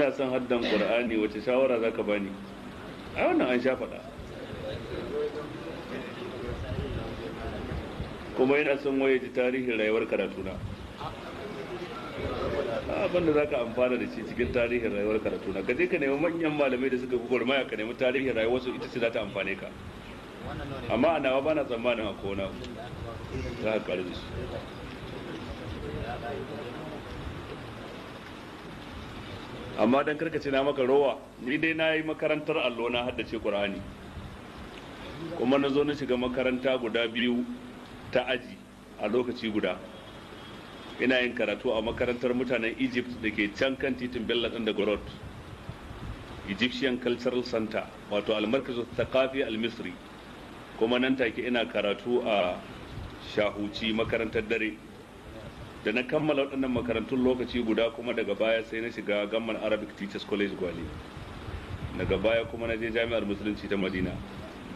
ina son haddan qur'ani wace shawara zaka bani a wannan an sha faɗa kuma yana son waye ji tarihin rayuwar karatuna abin da za ka amfana da shi cikin tarihin rayuwar karatuna ka je ka nemi manyan malamai da suka gugur maya ka nemi tarihin rayuwar su ita ce za ta amfane ka amma a nawa ba na tsammanin a kona za ka karu da su. amma dan ce na maka rowa ni dai na yi makarantar allo na haddace qur'ani kuma na zo na shiga makaranta guda biyu ta aji a lokaci guda ina yin karatu a makarantar mutanen egypt da ke can kan titin bello ɗin da grot egyptian cultural center wato almarkazin thaqafi al-misri kuma nan take ina karatu a shahuci makarantar dare da na kammala waɗannan makarantun lokaci guda kuma daga baya sai na shiga gamman arabic teachers college gwali daga baya kuma na je jami'ar musulunci ta madina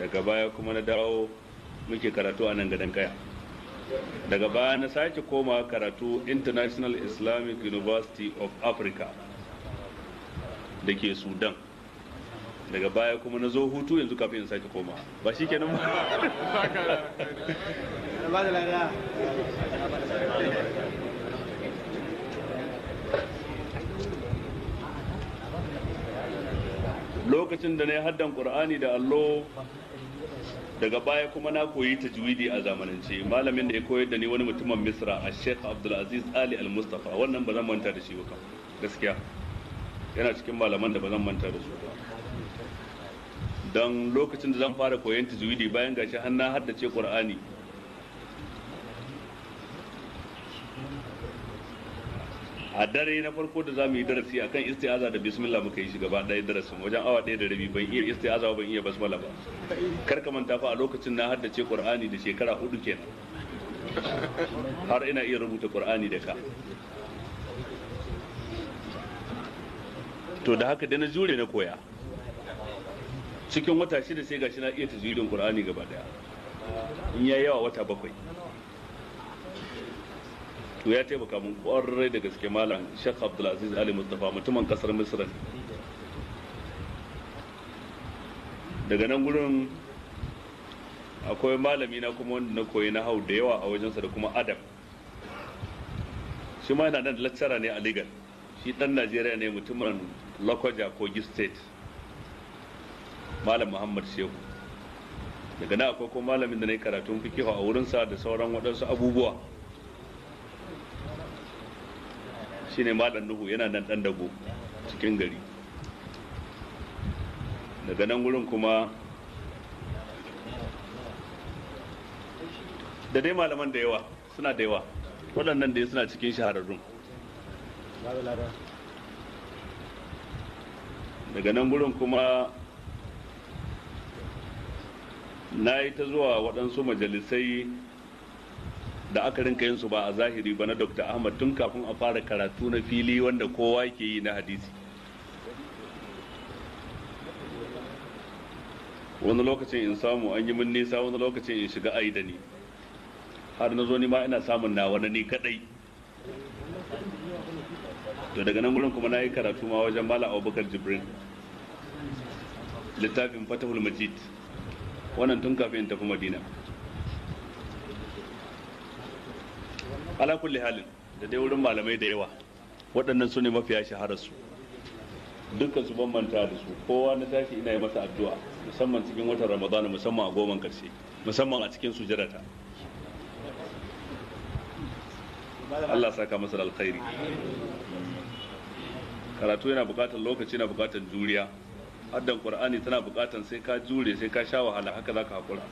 daga baya kuma na dawo muke karatu a nan gadon kaya daga baya na sake koma karatu international islamic university of africa da ke sudan daga baya kuma na zo hutu yanzu kafin in sake koma ba shi kenan ba lokacin da na yi haddan ƙur'ani da allo daga baya kuma na koyi juwidi a zamanance malamin da ya koyar da ni wani mutumin misra a sheikh abdulaziz ali al-mustafa wannan ba zan manta da shi ba gaskiya yana cikin malaman da ba zan manta da su ba don lokacin da zan fara koyon tajwidi bayan gashi har na haddace ƙur'ani a dare na farko da za mu yi darasi akan isti'aza da bismillah muka yi shi gaba ɗaya darasin wajen awa ɗaya da rabi ban iya isti'aza ban iya basmala ba kar ka manta fa a lokacin na haddace qur'ani da shekara hudu kenan har ina iya rubuta qur'ani da ka to da haka da na jure na koya cikin wata shida sai gashi na iya tajwidin qur'ani gaba ɗaya in yayi yawa wata bakwai to ya taimaka mun kwarai da gaske malam Sheikh Abdulaziz Ali Mustafa mutumin kasar Misr daga nan gurin akwai malami na kuma wanda na koyi na hau da yawa a wajensa da kuma Adam shi ma yana nan lecturer ne a legal shi dan Najeriya ne mutumin Lokoja Kogi State malam Muhammad Shehu daga nan akwai kuma malamin da na yi karatun fikihu a wurinsa da sauran waɗansu abubuwa shine malam nuhu yana nan ɗan dago cikin gari daga nan gurin kuma da dai malaman da yawa suna da yawa waɗannan da suna cikin shahararrun daga nan gurin kuma na yi ta zuwa waɗansu majalisai da aka rinka yin su ba a zahiri ba na Dr. Ahmad tun kafin a fara karatu na fili wanda kowa ke yi na hadisi wani lokacin in samu an yi min nisa wani lokacin in shiga ai da ni har na zo ni ma ina samun na wani ni kadai to daga nan gudun kuma na yi karatu ma wajen mala abubakar jibril littafin fatahul majid wannan tun kafin in tafi madina ala kulli halin da dai wurin malamai da yawa waɗannan su ne mafiya shahara su dukkan su bambanta da su kowa na tashi ina yi masa addu'a musamman cikin watan ramadana musamman a goma karshe musamman a cikin sujarata. Allah saka masa alkhairi karatu yana bukatar lokaci yana bukatar juriya haddan qur'ani tana bukatar sai ka jure sai ka sha wahala haka zaka hakura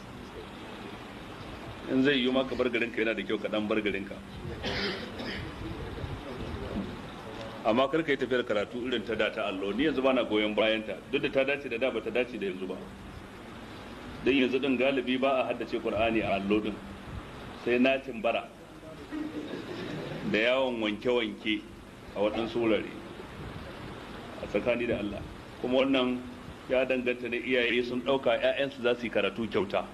in zai yi maka bar garinka yana da kyau ka dan bar garinka amma kar ka yi tafiyar karatu irin ta da ta allo ni yanzu bana goyon bayanta duk da ta dace da da ba ta dace da yanzu ba don yanzu din galibi ba a haddace qur'ani a allo din sai na bara da yawon wanke-wanke a waɗansu wurare a tsakani da Allah kuma wannan ya danganta da iyaye sun ɗauka 'ya'yansu za su yi karatu kyauta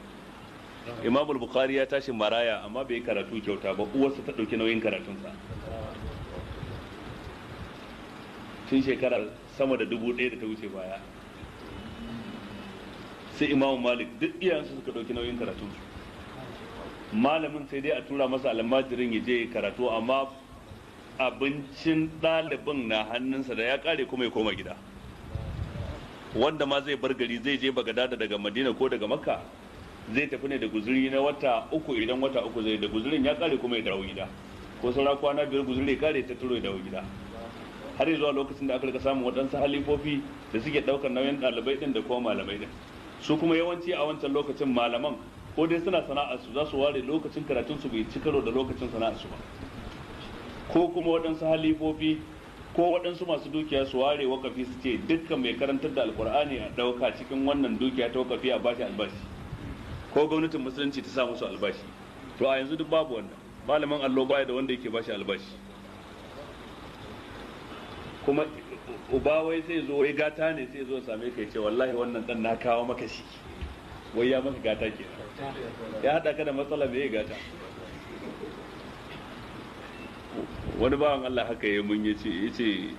imam bukhari ya tashi maraya amma bai karatu kyauta ba uwarsa ta dauki nauyin karatunsa tun shekarar sama da dubu ɗaya da ta wuce baya sai imam malik duk iyayensu suka dauki nauyin karatunsu malamin sai dai a tura masa almajirin ya je karatu amma abincin ɗalibin na hannunsa da ya kare kuma ya koma gida wanda ma zai bar gari zai je bagada daga madina ko daga makka zai tafi ne da guzuri na wata uku idan wata uku zai da guzurin ya kare kuma ya dawo gida ko saura kwana biyar guzuri ya kare ta turo ya dawo gida har zuwa lokacin da aka rika samun waɗansu halifofi da suke ɗaukar nauyin ɗalibai ɗin da kuma malamai ɗin su kuma yawanci a wancan lokacin malaman ko dai suna sana'arsu za su ware lokacin karatunsu bai ci karo da lokacin sana'arsu ba ko kuma waɗansu halifofi ko waɗansu masu dukiya su ware wakafi su ce dukkan mai karantar da alkur'ani a ɗauka cikin wannan dukiya ta wakafi a bashi albashi ko gwamnatin musulunci ta sa musu albashi to a yanzu duk babu wannan malamin allo baya da wanda yake bashi albashi kuma uba wai sai zo wai gata ne sai zo same ka ce wallahi wannan dan na kawo maka shi wai ya maka gata ke ya hada ka da matsala me gata wani bawan Allah haka ya mun yace yace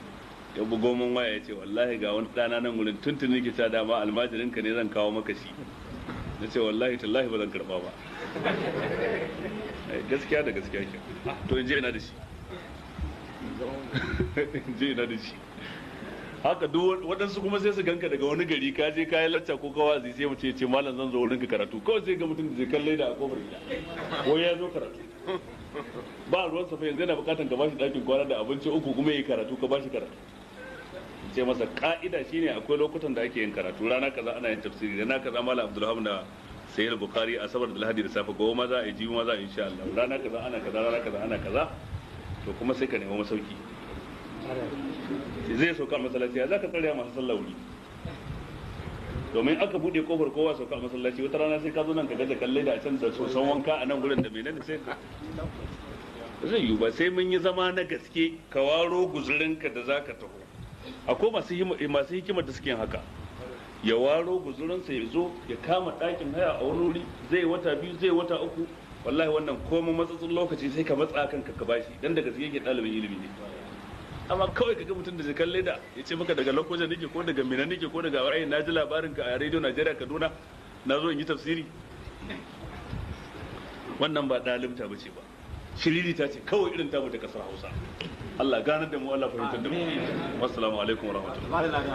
ya bugo mun waya yace wallahi ga wani dana nan gurin tuntuni ke ta dama almajirin ka ne zan kawo maka shi na ce wallahi tallahi ba zan karba ba gaskiya da gaskiya ke ah, to in je ina da shi in je ina da shi haka duk waɗansu kuma sai su ganka daga wani gari ka je yi lacca ko kawa zai sai mace ce malam zan zo ka karatu kawai sai ga mutum da zai kalle da a kofar gida ko ya zo karatu ba ruwan safa yanzu yana bukatan ka bashi ɗakin kwana da abinci uku kuma ya yi karatu ka bashi karatu ce masa ka'ida shine akwai lokutan da ake yin karatu rana kaza ana yin tafsiri rana kaza malam abdulhamid da sayyid bukhari asabar da lahadi da safe gobe ma za a yi jibi ma za a yi insha Allah rana kaza ana kaza rana kaza ana kaza to kuma sai ka nemi masauki zai sauka masallaci ya zaka tsare masu sallah wuri domin aka bude kofar kowa sauka masallaci wata rana sai ka zo nan ka gaza kalle da a can da sosan wanka a nan gurin da menene sai zai yiwu ba sai mun yi zama na gaske ka waro guzurinka da zaka taho akwai masu hikimar da suke haka ya waro guzurinsa ya zo ya kama ɗakin haya a wani wuri zai wata biyu zai wata uku wallahi wannan koma matsatsin lokaci sai ka matsa kan ka bashi dan daga gaske yake ɗalibin ilimi ne amma kawai kaga mutum da jikan leda ya ce maka daga lokacin nake ko daga mina nake ko daga wa'ayi na ji labarin ka a rediyo najeriya kaduna na zo in yi tafsiri wannan ba ɗalibta ba ce ba shiriri ta ce kawai irin ta ta kasar hausa Allah ganar da mu Allah fahimtar da mu assalamu alaikum warahmatullahi